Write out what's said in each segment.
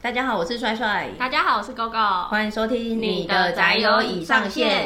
大家好，我是帥帥。大家好，我是高高。歡迎收聽你的宅友已上線。上線。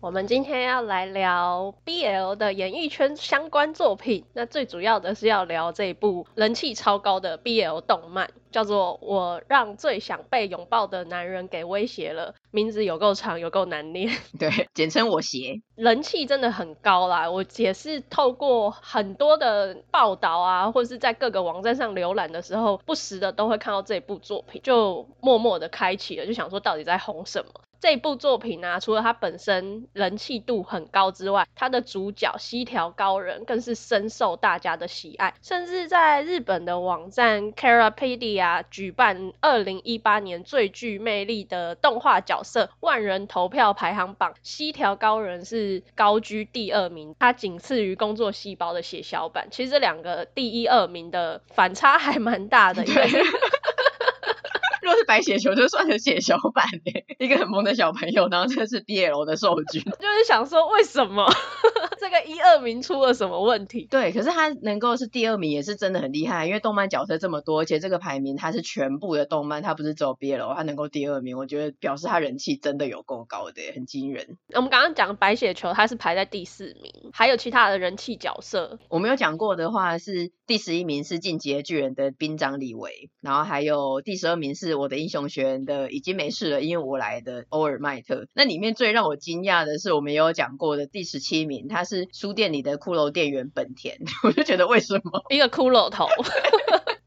我們今天要來聊 BL 的演藝圈相關作品，那最主要的是要聊這部人氣超高的 BL 動漫。叫做我讓最想被擁抱的男人給威脅了，名字有夠長，有夠難唸，對，簡稱我脅，人氣真的很高啦。我也是透過很多的報道啊，或者是在各個網站上瀏覽的時候，不時的都會看到這部作品，就默默的開啟了，就想說到底在紅什麼。這部作品啊，除了它本身人氣度很高之外，它的主角西條高人更是深受大家的喜愛。甚至在日本的網站 Carapedia 舉辦二零一八年最具魅力的動畫角色萬人投票排行榜，西條高人是高居第二名，它僅次於工作細胞的血小板。其實這兩個第一二名的反差還蠻大的。對 白血球就算成血小板嘞、欸， 一個很萌的小朋友，然後這是 B L 的數君， 就是想說為什麼 這個一二名出了什麼問題？對，可是他能夠是第二名也是真的很厲害，因為動漫角色這麼多，而且這個排名它是全部的動漫，它不是只有 B L，它能夠第二名，我覺得表示他人氣真的有夠高的、欸，很驚人。我們剛剛講白血球，他是排在第四名，還有其他的人氣角色，我沒有講過的話是第十一名是進擊的巨人的兵長李維，然後還有第十二名是我的。英雄學院的已經沒事了，因為我來的歐爾麥特。那裡面最讓我驚訝的是，我們也有講過的第十七名，他是書店裡的骷髏店員本田。 我就覺得為什麼？一個骷髏頭。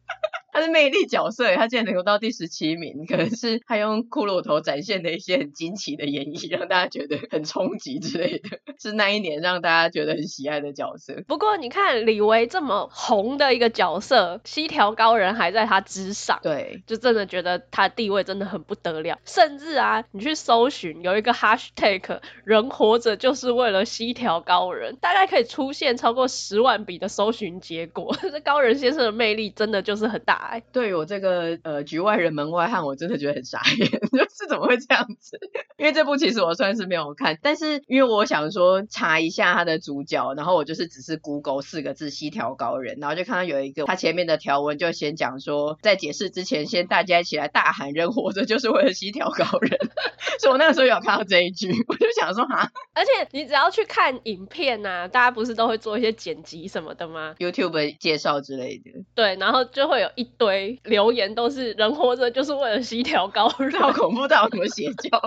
他的魅力角色，他竟然能夠到第十七名，可能是他用骷髏頭展現的一些很驚奇的演繹，讓大家覺得很衝擊之類的，是那一年讓大家覺得很喜愛的角色。不過你看李維這麼紅的一個角色，西條高人還在他之上，對，就真的覺得他地位真的很不得了。甚至啊，你去搜尋有一個 hashtag，人活着就是為了西條高人，大概可以出現超過十萬筆的搜尋結果。這高人先生的魅力真的就是很大。對於我這個呃局外人門外漢，我真的覺得很傻眼，就是怎麼會這樣子？因為這部其實我算是沒有看，但是因為我想說查一下他的主角，然後我就是只是 Google 四個字“西條高人”，然後就看到有一個他前面的條文就先講說，在解釋之前，先大家一起來大喊“人活着就是為了西條高人”， 所以我那個時候有看到這一句，我就想說啊，而且你只要去看影片啊，大家不是都會做一些剪輯什麼的嗎？YouTube 介紹之類的，對，然後就會有一。對，留言都是人活着就是為了西條高人，好恐怖，到什麼邪教？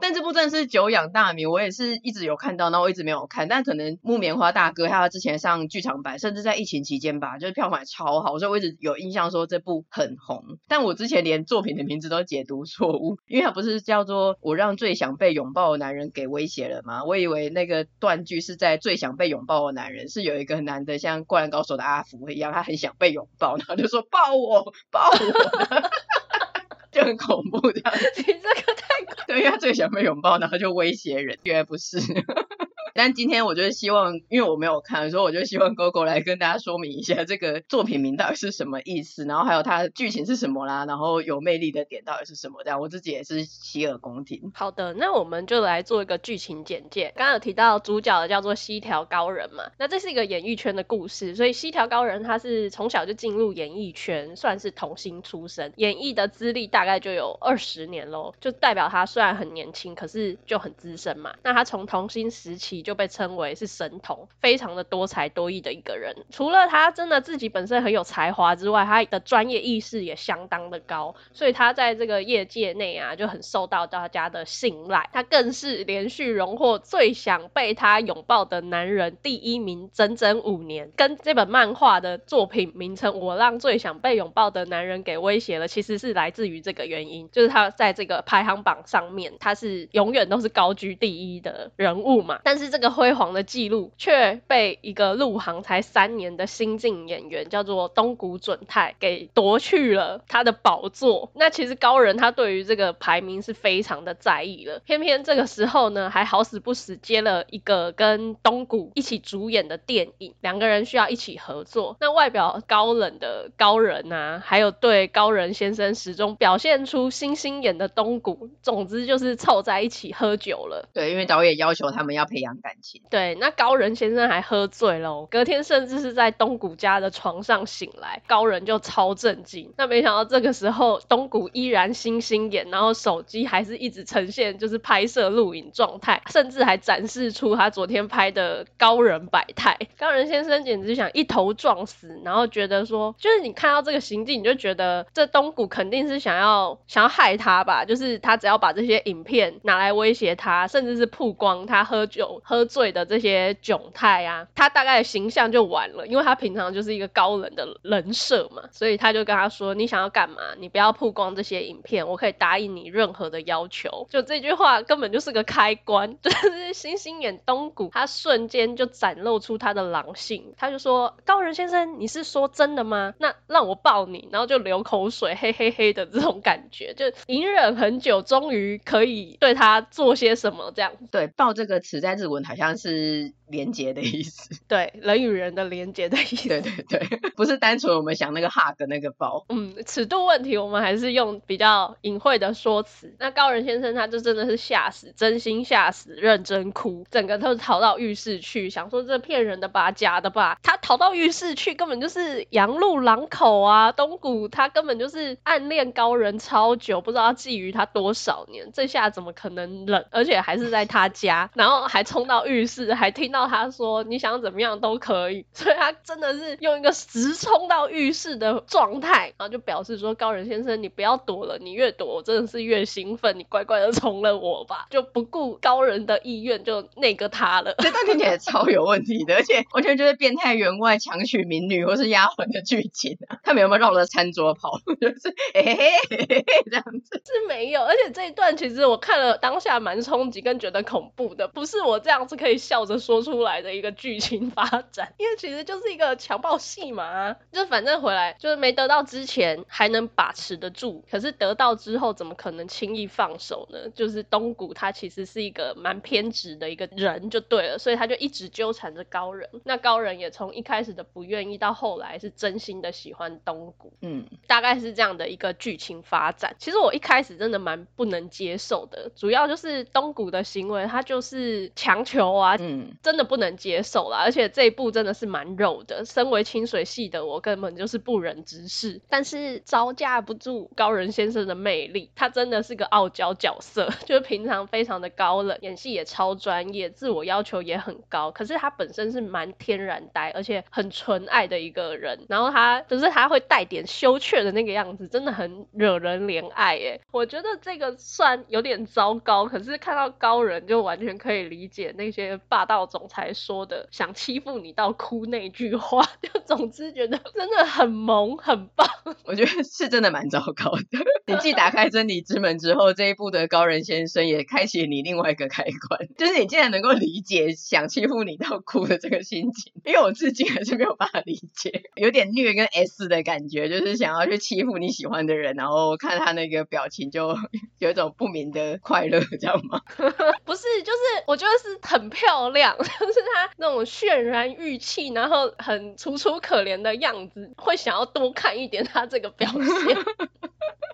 但這部真的是久仰大名，我也是一直有看到，那我一直沒有看。但可能木棉花大哥他之前上劇場版，甚至在疫情期間吧，就是票房超好，所以我一直有印象說這部很紅。但我之前連作品的名字都解讀錯誤，因為它不是叫做《我讓最想被擁抱的男人給威脅了》嗎？我以為那個斷句是在“最想被擁抱的男人”是有一個男的像《灌籃高手》的阿福一樣，他很想被擁抱，然後就說抱。抱我抱我，抱我 就很恐怖的。 你這個太……對呀，因為他最想被擁抱，然後就威脅人。原來越不是。 但今天我就是希望，因為我沒有看，所以我就希望 GoGo 來跟大家說明一下這個作品名到底是什麼意思，然後還有它的劇情是什麼啦，然後有魅力的點到底是什麼這樣。我自己也是洗耳恭聽。好的，那我們就來做一個劇情簡介。剛剛有提到主角的叫做西條高人嘛，那這是一個演藝圈的故事，所以西條高人他是從小就進入演藝圈，算是童星出身，演藝的資歷大概就有二十年嘍，就代表他雖然很年輕，可是就很資深嘛。那他從童星時期，就被稱為是神童，非常的多才多藝的一個人。除了他真的自己本身很有才華之外，他的專業意識也相當的高，所以他在這個業界內啊就很受到大家的信賴。他更是連續榮獲《最想被他擁抱的男人》第一名整整五年。跟這本漫畫的作品名稱《我讓最想被擁抱的男人》給威脅了，其實是來自於這個原因，就是他在這個排行榜上面，他是永遠都是高居第一的人物嘛。但是這個輝煌的記錄卻被一個入行才三年的新晉演員，叫做東谷准太，給奪去了他的寶座。那其實高人他對於這個排名是非常的在意了。偏偏這個時候呢，還好死不死接了一個跟東谷一起主演的電影，兩個人需要一起合作。那外表高冷的高人吶、啊，還有對高人先生始終表現出星星眼的東谷，總之就是湊在一起喝酒了。對，因為導演要求他們要培養。感情對，那高人先生還喝醉咯。隔天甚至是在東谷家的床上醒來，高人就超震驚。那沒想到這個時候東谷依然星星眼，然後手機還是一直呈現就是拍攝錄影狀態，甚至還展示出他昨天拍的高人百態。高人先生簡直想一頭撞死，然後覺得說，就是你看到這個行徑，你就覺得這東谷肯定是想要想要害他吧？就是他只要把這些影片拿來威脅他，甚至是曝光他喝酒。喝醉的這些窘態啊，他大概的形象就完了，因為他平常就是一個高冷的人設嘛，所以他就跟他說：“你想要幹嘛？你不要曝光這些影片，我可以答應你任何的要求。”就這句話根本就是個開關，就是星星眼東谷，他瞬間就展露出他的狼性，他就說：“高人先生，你是說真的嗎？那讓我抱你。”然後就流口水，嘿嘿嘿的這種感覺，就隱忍很久，終於可以對他做些什麼這樣。對，抱這個詞在這個文。好像是。連接的意思，對，人與人的連接的意思， 對對對，不是單純我們想那個 hug 的那個抱。嗯，尺度問題，我們還是用比較隱晦的說辭。那高人先生他就真的是嚇死，真心嚇死，認真哭，整個都逃到浴室去，想說這騙人的吧，假的吧。他逃到浴室去，根本就是羊入狼口啊！東谷他根本就是暗戀高人超久，不知道要覬覦他多少年，這下怎麼可能忍，而且還是在他家， 然後還衝到浴室，還聽到。他說：“你想怎麼樣都可以。”所以他真的是用一個直衝到浴室的狀態，然後就表示說：“高人先生，你不要躲了，你越躲，我真的是越興奮。你乖乖的從了我吧，就不顧高人的意願，就那個他了。”這段聽起來超有問題的，而且完全就是變態員外強娶民女或是丫鬟的劇情啊！他們有沒有繞着餐桌跑？就是，嘿嘿嘿嘿，嘿，這樣子是沒有。而且這一段其實我看了當下蠻衝擊，跟覺得恐怖的，不是我這樣子可以笑着說出。出來的一個劇情發展，因為其實就是一個強暴戲嘛，就反正回來就是沒得到之前還能把持得住，可是得到之後怎麼可能輕易放手呢？就是東谷他其實是一個蠻偏執的一個人，就對了，所以他就一直糾纏着高人。那高人也從一開始的不願意到後來是真心的喜歡東谷，嗯，大概是這樣的一個劇情發展。其實我一開始真的蠻不能接受的，主要就是東谷的行為，他就是強求啊，嗯。這真的不能接受了，而且這一部真的是蠻肉的。身為清水系的我，根本就是不忍直視。但是招架不住高人先生的魅力，他真的是個傲嬌角色，就是平常非常的高冷，演戲也超專業，自我要求也很高。可是他本身是蠻天然呆，而且很純愛的一個人。然後他就是他會帶點羞怯的那個樣子，真的很惹人憐愛，欸。哎，我覺得這個算有點糟糕，可是看到高人就完全可以理解那些霸道總裁才說的想欺負你到哭那句話，就總之覺得真的很萌很棒。我覺得是真的蠻糟糕的。你繼打開真理之門之後，這一部的高人先生也開啟你另外一個開關，就是你竟然能夠理解想欺負你到哭的這個心情，因為我至今還是沒有辦法理解，有點虐跟 S 的感覺，就是想要去欺負你喜歡的人，然後看他那個表情，就有一種不明的快樂，知道嗎？不是，就是我覺得是很漂亮。就是他那種泫然欲泣，然後很楚楚可憐的樣子，會想要多看一點他這個表現。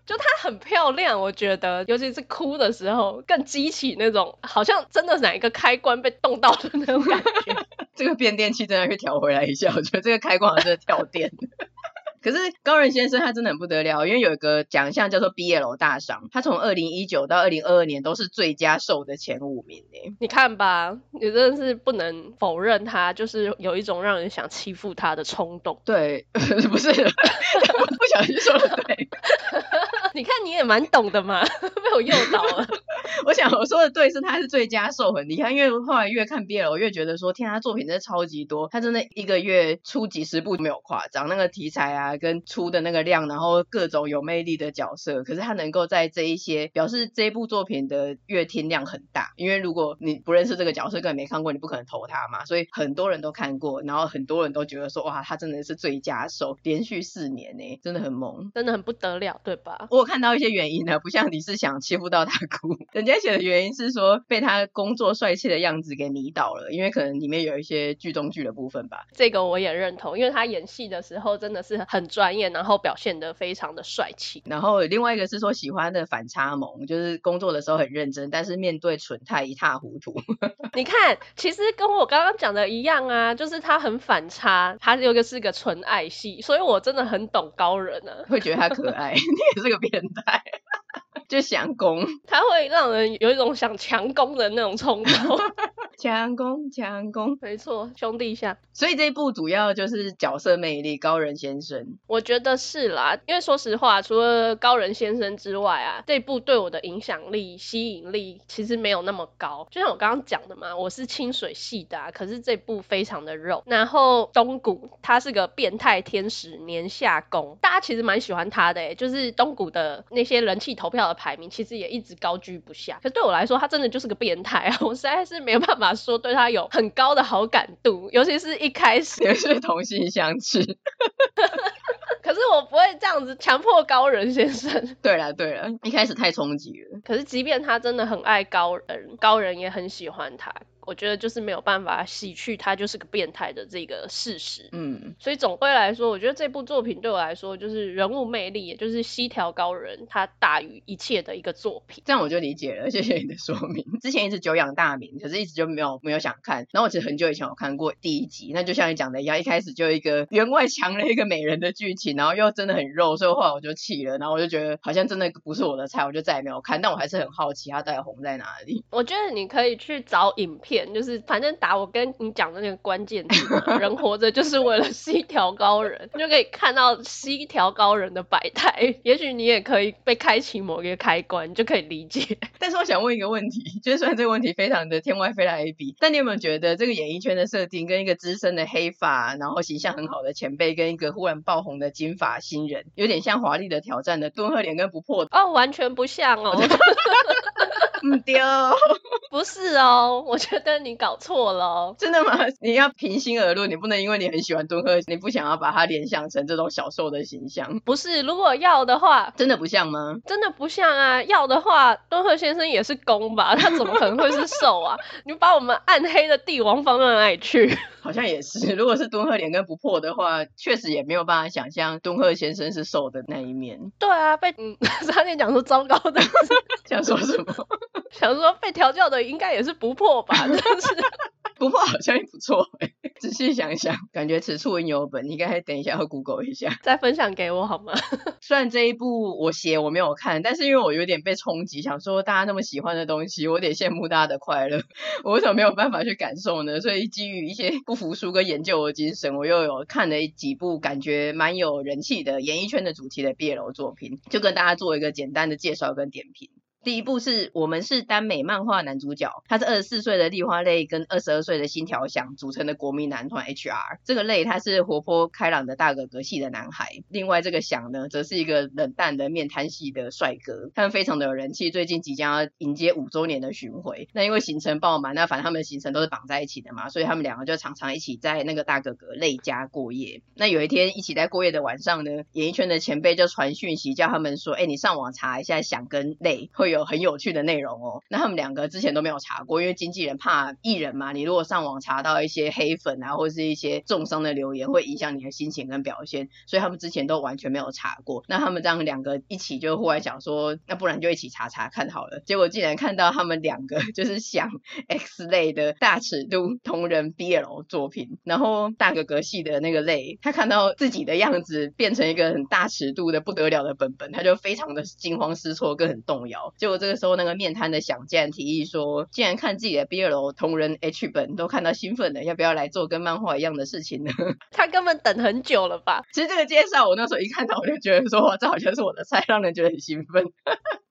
就他很漂亮，我覺得，尤其是哭的時候，更激起那種好像真的是哪一個開關被動到的那種感覺。 這個變電器真的要調回來一下，我覺得這個開關好像是跳電。可是高人先生他真的很不得了，因為有一個獎項叫做 BL 大賞，他從二零一九到二零二二年都是最佳受的前五名哎，你看吧，你真的是不能否認他，就是有一種讓人想欺負他的衝動。對，不是， 不小心說的對。 你看你也蠻懂的嘛，被我誘導了。 我想我說的對是他是最佳受很厲害，因為後來越看 BL 我越覺得說，天他作品真的超級多，他真的一個月出幾十部沒有誇張，那個題材啊。跟出的那個量，然後各種有魅力的角色，可是他能夠在這一些表示這部作品的閱聽量很大，因為如果你不認識這個角色，根本沒看過，你不可能投他嘛。所以很多人都看過，然後很多人都覺得說，哇，他真的是最佳手，連續四年呢，真的很萌，真的很不得了，對吧？我看到一些原因呢，不像你是想欺負到他哭，人家寫的原因是說被他工作帥氣的樣子給迷倒了，因為可能裡面有一些劇中劇的部分吧。這個我也認同，因為他演戲的時候真的是很。很專業，然後表現得非常的帥氣。然後另外一個是說喜歡的反差萌，就是工作的時候很認真，但是面對蠢態一塌糊塗。 你看，其實跟我剛剛講的一樣啊，就是他很反差，他有一個是個純愛系，所以我真的很懂高人啊，會覺得他可愛， 你也是個變態。就想攻，他會讓人有一種想強攻的那種衝動。強 攻，強攻，沒錯，兄弟一下。所以這一部主要就是角色魅力，高人先生，我覺得是啦。因為說實話，除了高人先生之外啊，這部對我的影響力、吸引力其實沒有那麼高。就像我剛剛講的嘛，我是清水系的，啊，可是這部非常的肉。然後東谷他是個變態天使，年下攻，大家其實蠻喜歡他的、欸。就是東谷的那些人氣投票的。排名其實也一直高居不下，可是對我來說，他真的就是個變態啊！我實在是沒有辦法說對他有很高的好感度，尤其是一開始也是同性相斥， 可是我不會這樣子強迫高人先生。對了對了，一開始太衝擊了，可是即便他真的很愛高人，高人也很喜歡他。我覺得就是沒有辦法洗去他就是個變態的這個事實，嗯，所以總歸來說，我覺得這部作品對我來說就是人物魅力，也就是西條高人他大於一切的一個作品。這樣我就理解了，謝謝你的說明。之前一直久仰大名，可是一直就沒有沒有想看。然後我其實很久以前有看過第一集，那就像你講的一樣，一開始就一個員外強了一個美人的劇情，然後又真的很肉，所以後來我就棄了。然後我就覺得好像真的不是我的菜，我就再也沒有看。但我還是很好奇他到底紅在哪裡。我覺得你可以去找影片。就是反正打我跟你講的那個關鍵詞， 人活着就是為了西條高人， 你就可以看到西條高人的百態。也許你也可以被開啟某一個開關，你就可以理解。但是我想問一個問題，就是雖然這個問題非常的天外飛來一筆，但你有沒有覺得這個演藝圈的設定，跟一個資深的黑髮，然後形象很好的前輩，跟一個忽然爆紅的金髮新人，有點像《華麗的挑戰》的敦賀蓮跟不破的？哦，完全不像哦，唔丟 不是哦，我覺得你搞錯了哦。真的嗎？你要平心而論，你不能因為你很喜歡敦賀，你不想要把他聯想成這種小受的形象。不是，如果要的話，真的不像嗎？真的不像啊！要的話，敦賀先生也是攻吧？他怎麼可能會是受啊？ 你把我們暗黑的帝王放到哪裡去？好像也是，如果是敦賀蓮跟不破的話，確實也沒有辦法想象敦賀先生是受的那一面。對啊，被，嗯，他那天講說糟糕的， 想說什麼？想說被調教的。應該也是不破吧，但是 不破好像也不錯。哎，仔細想一想，感覺此處應有本，應該還等一下要 Google 一下，再分享給我好嗎？雖然這一部我寫我沒有看，但是因為我有點被衝擊，想說大家那麼喜歡的東西，我有點羨慕大家的快樂。我為什麼沒有辦法去感受呢？所以基於一些不服輸跟研究的精神，我又有看了一幾部感覺蠻有人氣的演藝圈的主題的 BL 作品，就跟大家做一個簡單的介紹跟點評。第一部是我們是耽美漫畫男主角，他是二十四歲的立花淚跟二十二歲的星條響組成的國民男團 H.R。這個淚他是活潑開朗的大哥哥系的男孩，另外這個響呢，則是一個冷淡的面癱系的帥哥。他們非常的有人氣，最近即將要迎接五周年的巡迴。那因為行程爆滿，那反正他們的行程都是綁在一起的嘛，所以他們兩個就常常一起在那個大哥哥淚家過夜。那有一天一起在過夜的晚上呢，演藝圈的前輩就傳訊息叫他們說：“哎、欸，你上網查一下響跟淚會。”有很有趣的內容哦。那他們兩個之前都沒有查過，因為經紀人怕藝人嘛。你如果上網查到一些黑粉啊，或是一些中傷的留言，會影響你的心情跟表現，所以他們之前都完全沒有查過。那他們這樣兩個一起就忽然想說，那不然就一起查查看好了。結果竟然看到他們兩個就是想 X 類的大尺度同人 BL 作品，然後大哥哥系的那個類，他看到自己的樣子變成一個很大尺度的不得了的本本，他就非常的驚慌失措，跟很動搖。結果這個時候，那個面癱的想竟然提議說：“既然看自己的 BL 同人 H 本都看到興奮了，要不要來做跟漫畫一樣的事情呢？”他根本等很久了吧？其實這個介紹我那時候一看到，我就覺得說哇，這好像是我的菜，讓人覺得很興奮。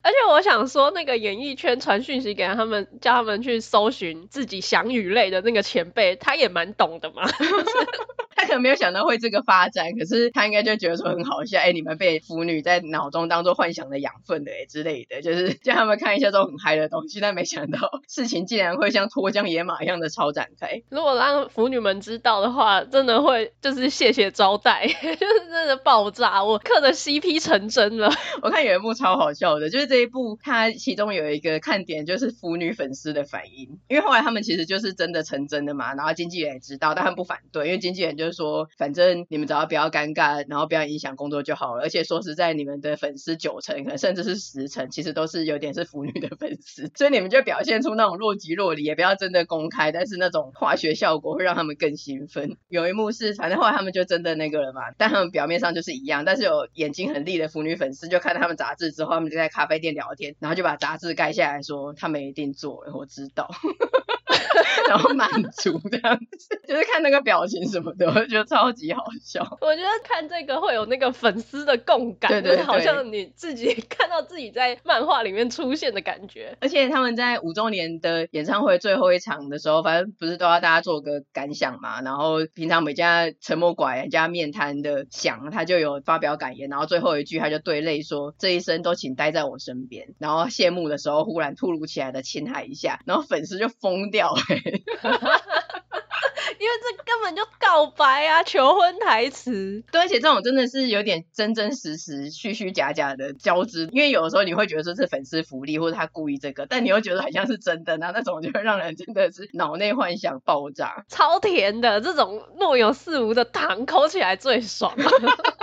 而且我想說，那個演藝圈傳訊息給他們，叫他們去搜尋自己想羽類的那個前輩，他也蠻懂的嘛。 是可 沒有想到會這個發展，可是他應該就覺得說很好笑，哎、欸，你們被腐女在腦中當做幻想的養分的、欸，哎之類的，就是叫他們看一下這種很嗨的東西。但沒想到事情竟然會像脫韁野馬一樣的超展開。如果讓腐女們知道的話，真的會就是謝謝招待， 就是真的爆炸。我嗑的 CP 成真了。 我看有一幕超好笑的，就是這一部它其中有一個看點就是腐女粉絲的反應，因為後來他們其實就是真的成真的嘛，然後經紀人也知道，但他們不反對，因為經紀人就是。說，反正你們只要不要尷尬，然後不要影響工作就好了。而且說實在，你們的粉絲九成，可能甚至是十成，其實都是有點是腐女的粉絲，所以你們就表現出那種若即若離，也不要真的公開，但是那種化學效果會讓他們更興奮。有一幕是，反正後來他們就真的那個了嘛，但他們表面上就是一樣，但是有眼睛很利的腐女粉絲就看到他們雜誌之後，他們就在咖啡店聊天，然後就把雜誌蓋下來說他們一定做，我知道。 然後滿足這樣子， 就是看那個表情什麼的，我覺得超級好笑。我覺得看這個會有那個粉絲的共感，對對，好像你自己看到自己在漫畫裡面出現的感覺。對而且他們在五周年的演唱會最後一場的時候，反正不是都要大家做個感想嘛。然後平常每家沉默寡言、家面癱的翔，他就有發表感言。然後最後一句他就對淚說：“這一生都請待在我身邊。”然後謝幕的時候，忽然突如其來的親他一下，然後粉絲就瘋掉了。 因為這根本就告白啊，求婚台詞。對，而且這種真的是有點真真實實、虛虛假假的交織。因為有的時候你會覺得說是粉絲福利，或者他故意這個，但你又覺得很像是真的，那那種就會讓人真的是腦內幻想爆炸，超甜的，這種若有似無的糖，摳起來最爽。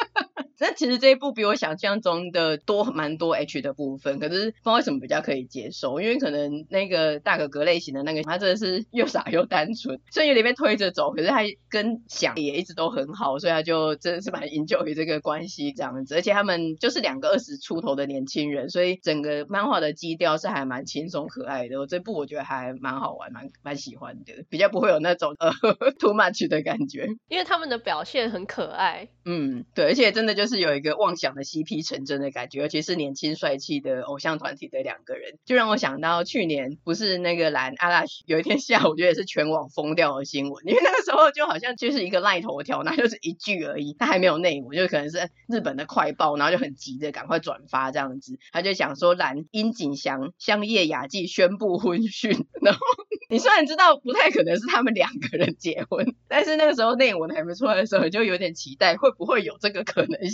那其實這一部比我想象中的多蠻多 H 的部分，可是不知道為什麼比較可以接受，因為可能那個大哥哥類型的那個他真的是又傻又單純，所以裡面推着走，可是他跟翔也一直都很好，所以他就真的是蠻 enjoy 這個關係這樣子。而且他們就是兩個二十出頭的年輕人，所以整個漫畫的基調是還蠻輕鬆可愛的。我這部我覺得還蠻好玩，蠻蠻喜歡的，比較不會有那種呃呵呵 too much 的感覺，因為他們的表現很可愛。嗯，對，而且真的就是。就是有一個妄想的 CP 成真的感覺，尤其是年輕帥氣的偶像團體的兩個人，就讓我想到去年不是那個嵐 Arashi，有一天下午，就也是全網瘋掉的新聞，因為那個時候就好像就是一個賴頭條，那就是一句而已，他還沒有內文，就可能是日本的快報，然後就很急着趕快轉發這樣子，他就想說嵐櫻井翔相葉雅紀宣布婚訊，然後你雖然知道不太可能是他們兩個人結婚，但是那個時候內文還沒出來的時候，就有點期待會不會有這個可能性。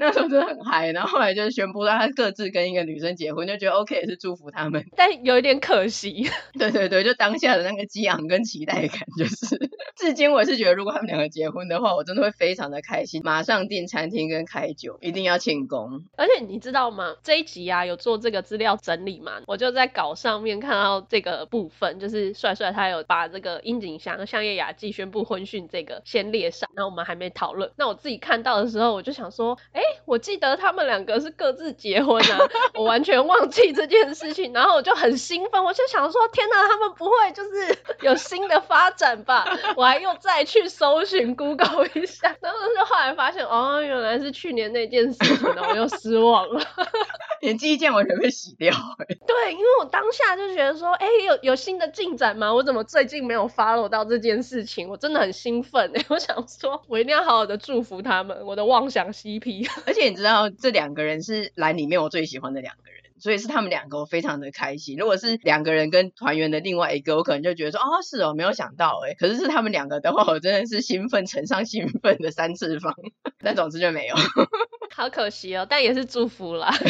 那時候真的很嗨，然後後來就是宣布他各自跟一個女生結婚，就覺得 OK 也是祝福他們，但有一點可惜。 對對對，就當下的那個激昂跟期待感，就是至今我也是覺得，如果他們兩個結婚的話，我真的會非常的開心，馬上訂餐廳跟開酒，一定要慶功。而且你知道嗎？這一集啊有做這個資料整理嘛，我就在稿上面看到這個部分，就是帥帥他有把這個櫻井翔和相葉雅紀宣布婚訊這個先列上，然後我們還沒討論。那我自己看到的時候，我就想說，哎、欸。我記得他們兩個是各自結婚啊， 我完全忘記這件事情，然後我就很興奮，我就想說，天哪，他們不會就是有新的發展吧？我還又再去搜尋 Google 一下，然後就是後來發現，哦，原來是去年那件事情，然後我又失望了，演 技一件完全被洗掉、欸，對，因為我當下就覺得說，哎、欸，有有新的進展嗎？我怎麼最近沒有 follow 到這件事情？我真的很興奮哎、欸，我想說我一定要好好的祝福他們，我的妄想 CP。而且你知道，這兩個人是籃裡面我最喜歡的兩個人，所以是他們兩個，我非常的開心。如果是兩個人跟團員的另外一個，我可能就覺得說，哦，是哦，沒有想到誒。可是是他們兩個的話，我真的是興奮乘上興奮的三次方。但總之就沒有，好可惜哦，但也是祝福啦。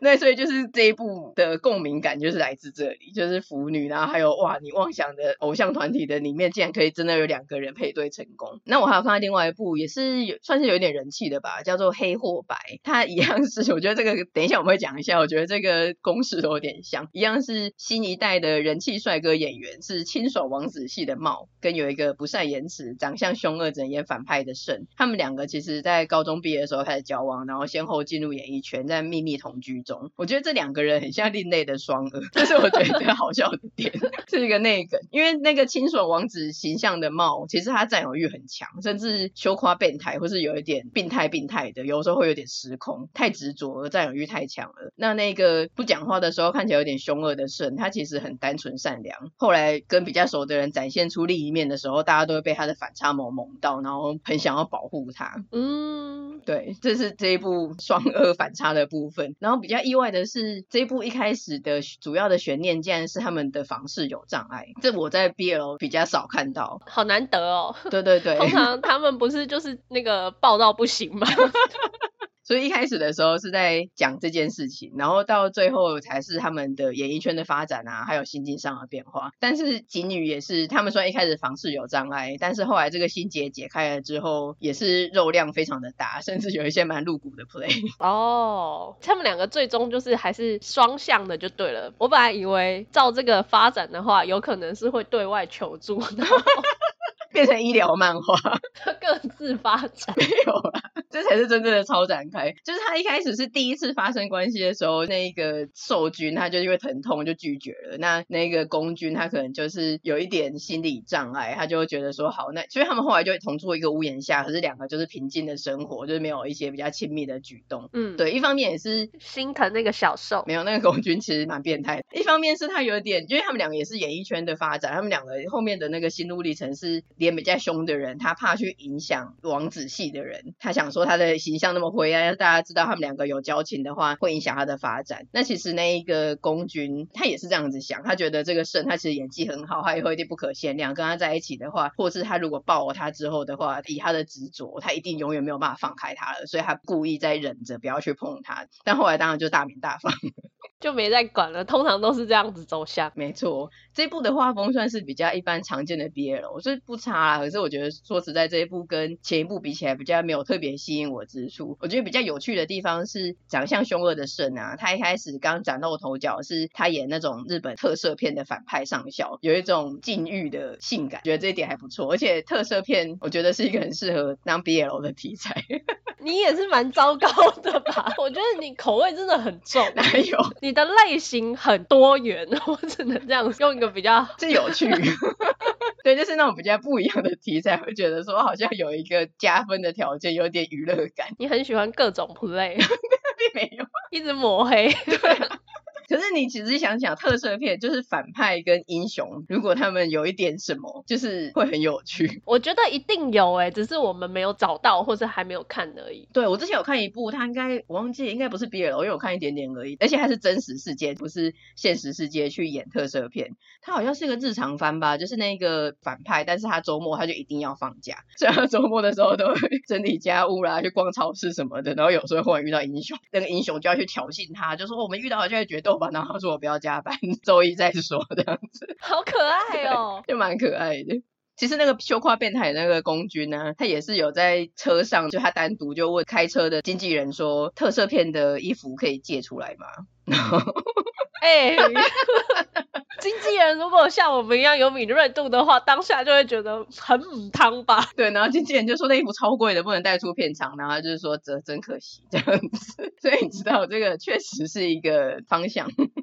那所以就是這一部的共鳴感就是來自這裡，就是腐女，然後還有哇，你妄想的偶像團體的裡面竟然可以真的有兩個人配對成功。那我還有看另外一部，也是有算是有點人氣的吧，叫做《黑或白》，它一樣是我覺得這個，等一下我們會講一下，我覺得這個公式都有點像，一樣是新一代的人氣帥哥演員，是清爽王子系的茂，跟有一個不善言辭、長相凶惡、整演反派的慎，他們兩個其實在高中畢業的時候開始交往，然後先後進入演藝圈，在祕密同居。我覺得這兩個人很像另類的雙兒，這是我覺得最好笑的點， 是一個那個，因為那個清爽王子形象的帽，其實他佔有慾很強，甚至羞誇變態，或是有一點病態病態的，有的時候會有點失控，太執着了，佔有慾太強了。那那個不講話的時候看起來有點凶惡的順，他其實很單純善良，後來跟比較熟的人展現出另一面的時候，大家都會被他的反差萌萌到，然後很想要保護他。嗯，對，這是這一部雙兒反差的部分，然後比較。意外的是，這一部一開始的主要的懸念竟然是他們的房事有障礙，這我在 B L 比較少看到，好難得哦。 對對對，通常他們不是就是那個爆到不行嗎？ 所以一開始的時候是在講這件事情，然後到最後才是他們的演藝圈的發展啊，還有心境上的變化。但是錦女也是，他們說一開始房事有障礙，但是後來這個心結解開了之後，也是肉量非常的大，甚至有一些蠻露骨的 play。哦，oh, 他們兩個最終就是還是雙向的就對了。我本來以為照這個發展的話，有可能是會對外求助的。 變成醫療漫畫， 各自發展， 沒有了，啊，這才是真正的超展開。就是他一開始是第一次發生關係的時候，那一個受君他就因為疼痛就拒絕了。那那個攻君他可能就是有一點心理障礙，他就會覺得說好那，所以他們後來就會同住一個屋檐下，可是兩個就是平靜的生活，就是沒有一些比較親密的舉動。嗯，對，一方面也是心疼那個小受，沒有那個攻君其實蠻變態的。一方面是他有點，因為他們兩個也是演藝圈的發展，他們兩個後面的那個心路歷程是。比較凶的人，他怕去影響王子戲的人，他想說他的形象那麼灰暗，要大家知道他們兩個有交情的話，會影響他的發展。那其實那一個公君，他也是這樣子想，他覺得這個勝他其實演技很好，他以後一定不可限量。跟他在一起的話，或是他如果抱了他之後的話，以他的執着，他一定永遠沒有辦法放開他了，所以他故意在忍着不要去碰他。但後來當然就大鳴大放。 就沒再管了，通常都是這樣子走向。沒錯，這部的畫風算是比較一般常見的 BL，所以不差啦，可是我覺得說實在，這一部跟前一部比起來，比較沒有特別吸引我之處。我覺得比較有趣的地方是，長相凶惡的順啊，他一開始剛嶄露頭角是他演那種日本特攝片的反派上校，有一種禁慾的性感，覺得這一點還不錯。而且特攝片，我覺得是一個很適合當 BL 的題材。你也是蠻糟糕的吧？ 我覺得你口味真的很重，還有你的類型很多元，我只能這樣用一個比較，這有趣， 對，就是那種比較不一樣的題材，會覺得說好像有一個加分的條件，有點娛樂感。你很喜歡各種 play，並 沒有，一直抹黑。對。 可是你只是想想，特攝片就是反派跟英雄，如果他們有一點什麼，就是會很有趣。我覺得一定有誒、欸，只是我們沒有找到，或是還沒有看而已。對，我之前有看一部，他應該我忘記，應該不是 BL，了，我有看一點點而已，而且還是真實世界，不是現實世界去演特攝片。他好像是個日常番吧，就是那個反派，但是他周末他就一定要放假，所以他周末的時候都會整理家務啦，去逛超市什麼的，然後有時候會遇到英雄，那個英雄就要去挑釁他，就說我們遇到就會決鬥。然後他說，我不要加班，週一再說這樣子，好可愛哦，就蠻可愛的。其實那個修胯變態那個公君呢，他也是有在車上，就他單獨就問開車的經紀人說，特攝片的衣服可以借出來嗎？然後哎。經紀人如果像我們一樣有敏銳度的話，當下就會覺得很母湯吧。對，然後經紀人就說，那衣服超貴的，不能帶出片場，然後他就是說這真可惜這樣子。所以你知道，這個確實是一個方向。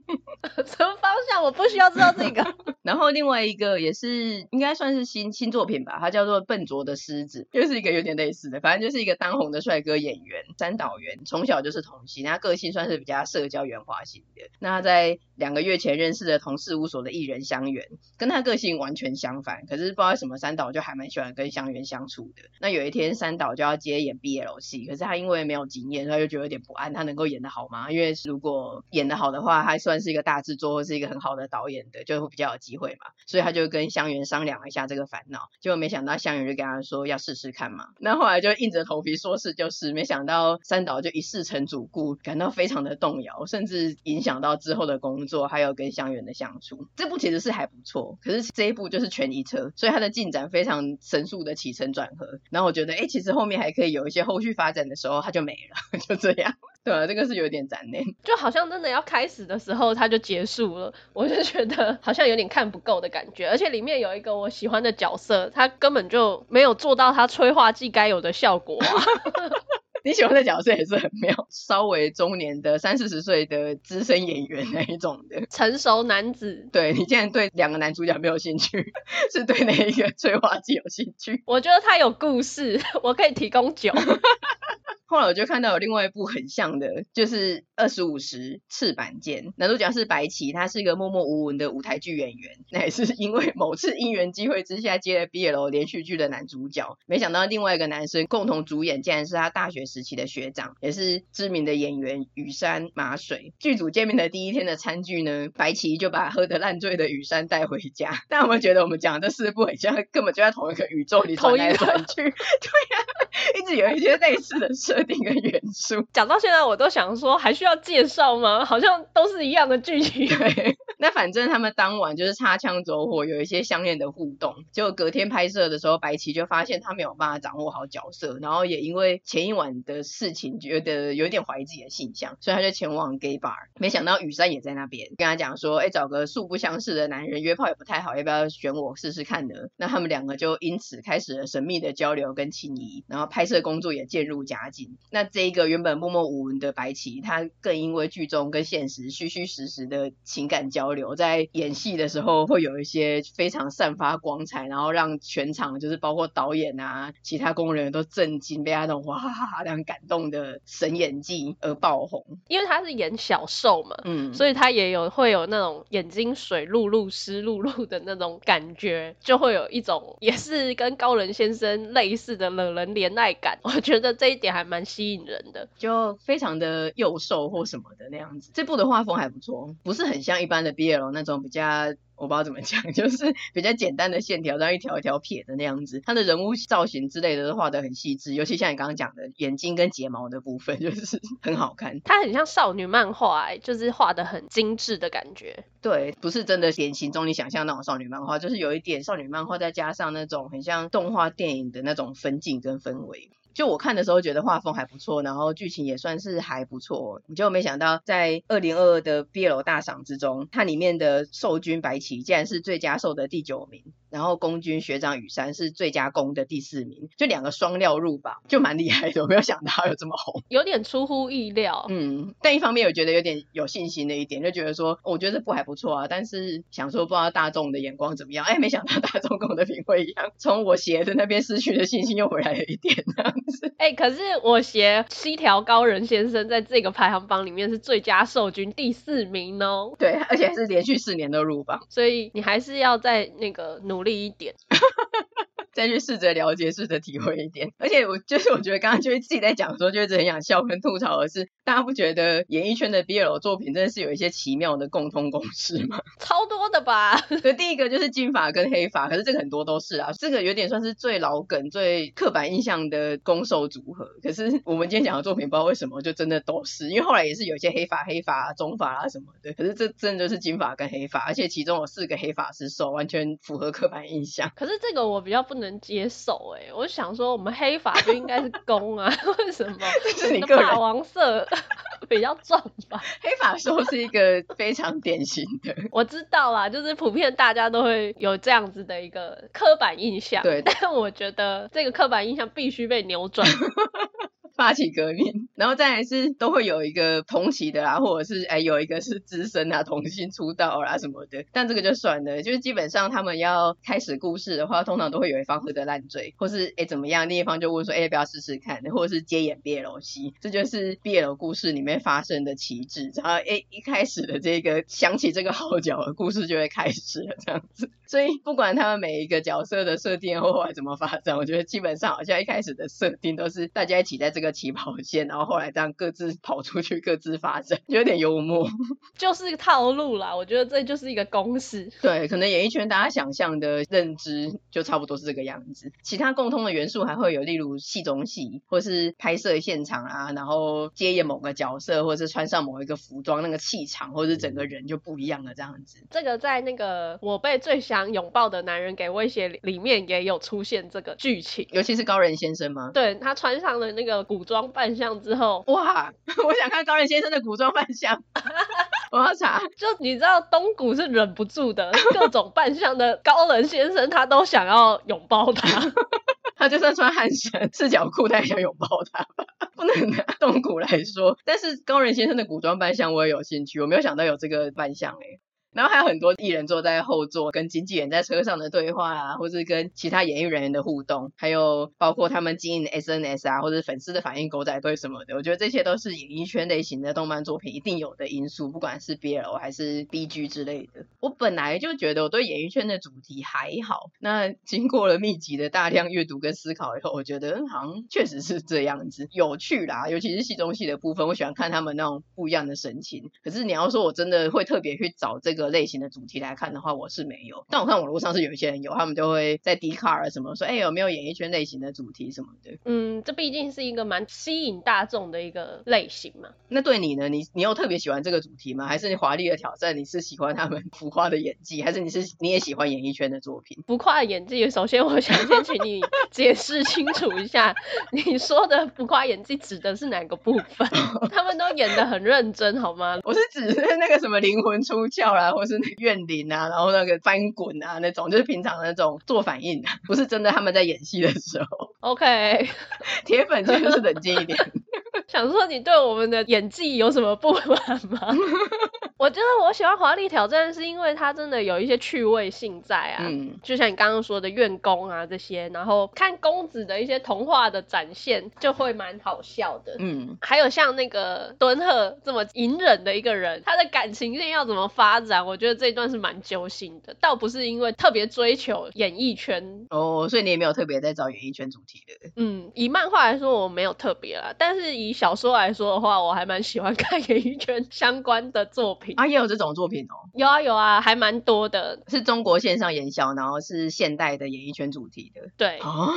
什麼方向？我不需要知道這個。 然後另外一個也是應該算是新新作品吧，他叫做《笨拙的獅子》，又、就是一個有點類似的。反正就是一個當紅的帥哥演員三島元從小就是童星，那他個性算是比較社交圓滑型的。那他在兩個月前認識的同事務所的藝人香園，跟他個性完全相反，可是不知道為什麼三島就還蠻喜歡跟香園相處的。那有一天三島就要接演 BL 戲，可是他因為沒有經驗，所以他就覺得有點不安，他能夠演得好嗎？因為如果演得好的話，他還算是一個大。製作或是一個很好的導演的，就會比較有機會嘛，所以他就跟香園商量一下這個煩惱，結果沒想到香園就跟他說要試試看嘛，那後來就硬着頭皮說試就試，是，沒想到三島就一試成主顧，感到非常的動搖，甚至影響到之後的工作，還有跟香園的相處。這部其實是還不錯，可是這一部就是全一車，所以它的進展非常神速的起承轉合，然後我覺得哎、欸，其實後面還可以有一些後續發展的時候，它就沒了，就這樣。對啊，這個是有點殘念。就好像真的要開始的時候，他就結束了，我就覺得好像有點看不夠的感覺，而且裡面有一個我喜歡的角色，他根本就沒有做到他催化劑該有的效果。 你喜歡的角色也是很妙，稍微中年的三四十歲的資深演員那一種的成熟男子。對，你竟然對兩個男主角沒有興趣，是對哪一個催化劑有興趣？我覺得他有故事，我可以提供酒。 後來我就看到有另外一部很像的，就是《二十五時赤坂見》，男主角是白崎，他是一個默默無聞的舞台劇演員，那也是因為某次因緣機會之下接了 BL、o、連續劇的男主角。沒想到另外一個男生共同主演竟然是他大學時期的學長，也是知名的演員雨山馬水。劇組見面的第一天的餐聚呢，白崎就把喝得爛醉的雨山帶回家。但我們覺得我們講的這四部很像，根本就在同一個宇宙裡穿來穿去， 對呀、啊。 一直有一些類似的設定跟元素，講 到現在我都想說，還需要介紹嗎？好像都是一樣的劇情誒。對 那反正他們當晚就是擦槍走火，有一些項鏈的互動。結果隔天拍攝的時候，白棋就發現他沒有辦法掌握好角色，然後也因為前一晚的事情，覺得有點懷疑自己的性向，所以他就前往 gay bar。沒想到雨山也在那邊，跟他講說：“哎，找個素不相識的男人約炮也不太好，要不要選我試試看呢？”那他們兩個就因此開始了神秘的交流跟親昵，然後拍攝工作也漸入佳境。那這個原本默默無聞的白棋，他更因為劇中跟現實虛虛實實的情感交流。交流在演戲的時候，會有一些非常散發光彩，然後讓全場就是包括導演啊，其他工作人員都震驚，被他那種哇哈哈那樣感動的神演技而爆紅。因為他是演小受嘛，嗯，所以他也有會有那種眼睛水漉漉、濕漉漉的那種感覺，就會有一種也是跟高人先生類似的惹人憐愛感。我覺得這一點還蠻吸引人的，就非常的幼受或什麼的那樣子。這部的畫風還不錯，不是很像一般的。BL 那種比較，我不知道怎麼講，就是比較簡單的線條，然後一條一條撇的那樣子。他的人物造型之類的都畫得很細緻，尤其像你剛剛講的眼睛跟睫毛的部分，就是很好看。它很像少女漫畫、欸，就是畫得很精致的感覺。對，不是真的典型中你想象那種少女漫畫，就是有一點少女漫畫，再加上那種很像動畫電影的那種分鏡跟氛圍。.就我看的時候，覺得畫風還不錯，然後劇情也算是還不錯。你就沒想到，在二零二二的 BL 大賞之中，它裡面的《獸君白起》竟然是最佳受的第九名。然後公軍學長羽山是最佳攻的第四名，就兩個雙料入榜，就蠻厲害的。我沒有想到有這麼紅，有點出乎意料。嗯，但一方面我覺得有點有信心的一點，就覺得說，哦、我覺得這部還不錯啊。但是想說，不知道大眾的眼光怎麼樣。哎，沒想到大眾跟我的品味一樣，從我鞋的那邊失去了信心，又回來了一點這樣子。哎、欸，可是我鞋西條高人先生在這個排行榜裡面是最佳受軍第四名哦。對，而且是連續四年都入榜，所以你還是要在那個努。力一點。再去試着了解，試着體會一點。而且我就是我覺得剛剛就是自己在講說，就一直很想笑跟吐槽的是，大家不覺得演藝圈的 BL 作品真的是有一些奇妙的共通公式嗎？超多的吧。可第一個就是金髮跟黑髮，可是這個很多都是啊。這個有點算是最老梗、最刻板印象的攻受組合。可是我們今天講的作品，不知道為什麼就真的都是，因為後來也是有一些黑髮、黑髮、中髮啊什麼的。可是這真的就是金髮跟黑髮，而且其中有四個黑髮是受，完全符合刻板印象。可是這個我比較不能。能接受哎、欸，我想說我們黑髮就應該是攻啊， 為什麼？就是你個人，霸王色比較壯吧。 黑髮說是一個非常典型的，我知道啊，就是普遍大家都會有這樣子的一個刻板印象。對，對，但我覺得這個刻板印象必須被扭轉。 發起革命，然後再來是都會有一個同期的啦，或者是哎有一個是資深啊，童星出道啦、啊、什麼的，但這個就算了。就是基本上他們要開始故事的話，通常都會有一方喝得爛醉，或是哎怎麼樣，另一方就問說哎不要試試看，或者是接演 BL 戲，這就是 BL 故事裡面發生的旗幟。然後哎一開始的這個響起這個號角，的故事就會開始了這樣子。所以不管他們每一個角色的設定後來怎麼發展，我覺得基本上好像一開始的設定都是大家一起在這個。個起跑線，然後後來這樣各自跑出去，各自發展，就有點幽默，就是個套路啦。我覺得這就是一個公式，對，可能演藝圈大家想象的認知就差不多是這個樣子。其他共通的元素還會有，例如戲中戲，或是拍攝現場啊，然後接演某個角色，或是穿上某一個服裝，那個氣場或者是整個人就不一樣了。這樣子，這個在那個我被最想擁抱的男人給威脅裡裡面也有出現這個劇情，尤其是高人先生嗎？對，他穿上了那個。古裝扮相之後，哇！我想看高人先生的古裝扮相， 我要查。就你知道東谷是忍不住的，各種扮相的高人先生，他都想要擁抱他。 他就算穿汗衫、赤腳褲，他也想擁抱他。 不能拿東谷來說，但是高人先生的古裝扮相我也有興趣。我沒有想到有這個扮相哎、欸。然後還有很多藝人坐在後座，跟經紀人在車上的對話啊，或是跟其他演藝人員的互動，還有包括他們經營 SNS 啊，或是粉絲的反應、狗仔隊什麼的，我覺得這些都是演藝圈類型的動漫作品一定有的因素，不管是 BL 還是 BG 之類的。我本來就覺得我對演藝圈的主題還好，那經過了密集的大量閱讀跟思考以後，我覺得嗯，好像確實是這樣子有趣啦，尤其是戲中戲的部分，我喜歡看他們那種不一樣的神情。可是你要說我真的會特別去找這個。類型的主題來看的話，我是沒有。但我看網絡上是有一些人有，他們就會在 Dcard 什麼說，哎、欸，有沒有演藝圈類型的主題什麼的？嗯，這畢竟是一個蠻吸引大眾的一個類型嘛。那對你呢？你你有特別喜歡這個主題嗎？還是你華麗的挑戰？你是喜歡他們浮誇的演技，還是你是你也喜歡演藝圈的作品？浮誇的演技，首先我想先請你解釋清楚一下， 你說的浮誇演技指的是哪個部分？ 他們都演得很認真，好嗎？我是指那個什麼靈魂出竅啦、啊。或是怨靈啊，然後那個翻滾啊，那種就是平常的那種做反應，不是真的。他們在演戲的時候，OK，鐵粉就是冷靜一點。 想說你對我們的演技有什麼不滿嗎？ 我覺得我喜歡《華麗挑戰》是因為它真的有一些趣味性在啊，嗯，就像你剛剛說的怨工啊這些，然後看公子的一些童話的展現就會蠻好笑的。嗯，還有像那個敦賀這麼隱忍的一個人，他的感情線要怎麼發展？我覺得這一段是蠻揪心的。倒不是因為特別追求演藝圈哦，所以你也沒有特別在找演藝圈主題的。嗯，以漫畫來說我沒有特別啦，但是以小說來說的話，我還蠻喜歡看演藝圈相關的作品。啊，也有這種作品哦？有啊有啊，還蠻多的，是中國線上演小，然後是現代的演藝圈主題的，對。哦，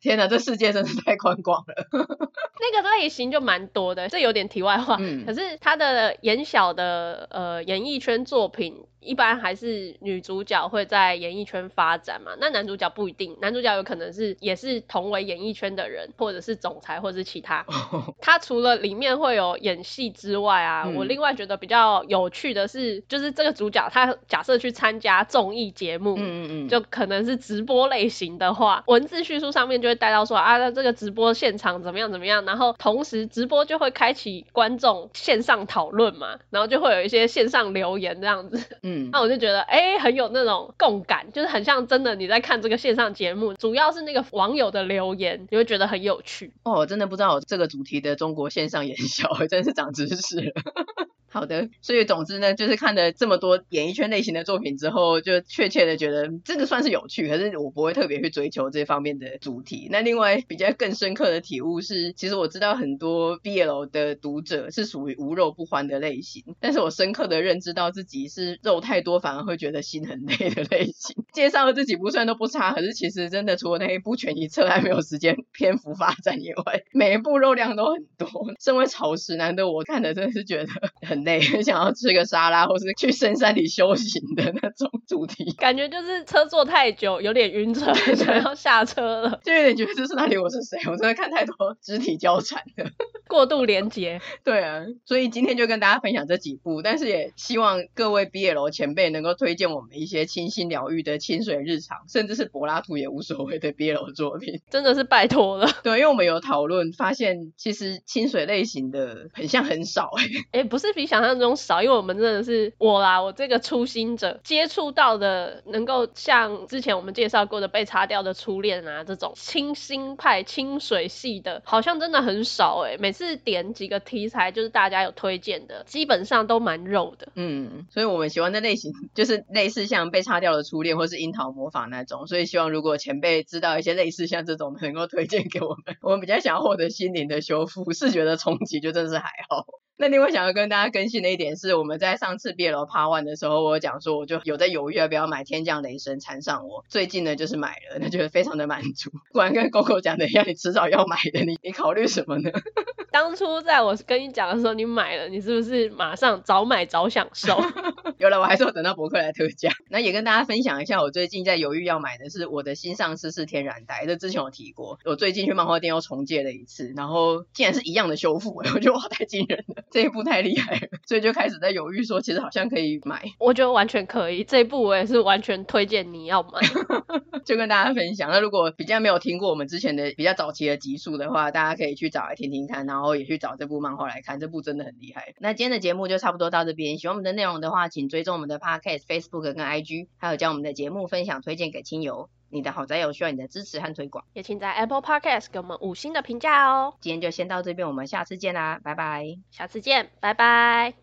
天哪，這世界真是太寬廣了， 那個類型就蠻多的，這有點題外話，嗯、可是他的演小的呃演藝圈作品。一般還是女主角會在演藝圈發展嘛？那男主角不一定，男主角有可能是也是同為演藝圈的人，或者是總裁，或者是其他。Oh. 他除了裡面會有演戲之外啊，嗯、我另外覺得比較有趣的是，就是這個主角他假設去參加綜藝節目，嗯嗯嗯，就可能是直播類型的話，文字敘述上面就會帶到說啊，那這個直播現場怎麼樣怎麼樣，然後同時直播就會開啟觀眾線上討論嘛，然後就會有一些線上留言這樣子，嗯。那、嗯啊、我就覺得，哎、欸，很有那種共感，就是很像真的你在看這個線上節目，主要是那個網友的留言，你會覺得很有趣。哦，我真的不知道這個主題的中國線上營銷，真是長知識了。 好的，所以總之呢，就是看了這麼多演藝圈類型的作品之後，就確切的覺得這個算是有趣，可是我不會特別去追求這方面的主題。那另外比較更深刻的體悟是，其實我知道很多 BL 的讀者是屬於無肉不歡的類型，但是我深刻的認知到自己是肉太多反而會覺得心很累的類型。介紹的這幾部雖然都不差，可是其實真的除了那一部全一冊還沒有時間篇幅發展以外，每一部肉量都很多。身為草食男的我看的真的是覺得很累，想要吃個沙拉，或是去深山裡修行的那種主題，感覺就是車坐太久，有點暈車，想 對要下車了，就有點覺得這是哪裡我是誰？我真的看太多肢體交纏了。過度連結， 對啊，所以今天就跟大家分享這幾部，但是也希望各位 B L 前輩能夠推薦我們一些清新療癒的清水日常，甚至是柏拉圖也無所謂的 B L 作品，真的是拜托了。對，因為我們有討論，發現其實清水類型的很像很少哎、欸，哎、欸，不是比想象中少，因為我們真的是我啦，我這個初心者接觸到的，能夠像之前我們介紹過的被擦掉的初戀啊這種清新派、清水系的，好像真的很少哎、欸。每次點幾個題材，就是大家有推薦的，基本上都蠻肉的。嗯，所以我們喜歡的類型就是類似像被擦掉的初戀，或是櫻桃魔法那種。所以希望如果前輩知道一些類似像這種的，能夠推薦給我們，我們比較想要獲得心靈的修復，視覺的衝擊就真的是還好。那另外想要跟大家更新的一點是，我們在上次別樓趴 one 的時候，我講說我就有在猶豫要不要買天降雷神纏上我。最近呢，就是買了，那就非常的滿足。果然跟 Coco 講的一樣，你遲早要買的，你你考慮什麼呢？ 當初在我跟你講的時候，你買了，你是不是馬上早買早享受？ 有了，我還是要等到博客來特價。那也跟大家分享一下，我最近在猶豫要買的是我的新上司是天然呆，這之前有提過。我最近去漫畫店又重借了一次，然後竟然是一樣的修復，我覺得哇太驚人了，這一部太厲害了，所以就開始在猶豫說，其實好像可以買。我覺得完全可以，這一部我也是完全推薦你要買。 就跟大家分享，那如果比較沒有聽過我們之前的比較早期的集數的話，大家可以去找來聽聽看，然後也去找這部漫畫來看，這部真的很厲害。那今天的節目就差不多到這邊，喜歡我們的內容的話，請。追蹤我們的 Podcast、Facebook 跟 IG，還有將我們的節目分享推薦給親友。你的好宅友需要你的支持和推廣，也請在 Apple Podcast 給我們五星的評價哦。今天就先到這邊，我們下次見啦，拜拜。下次見，拜拜。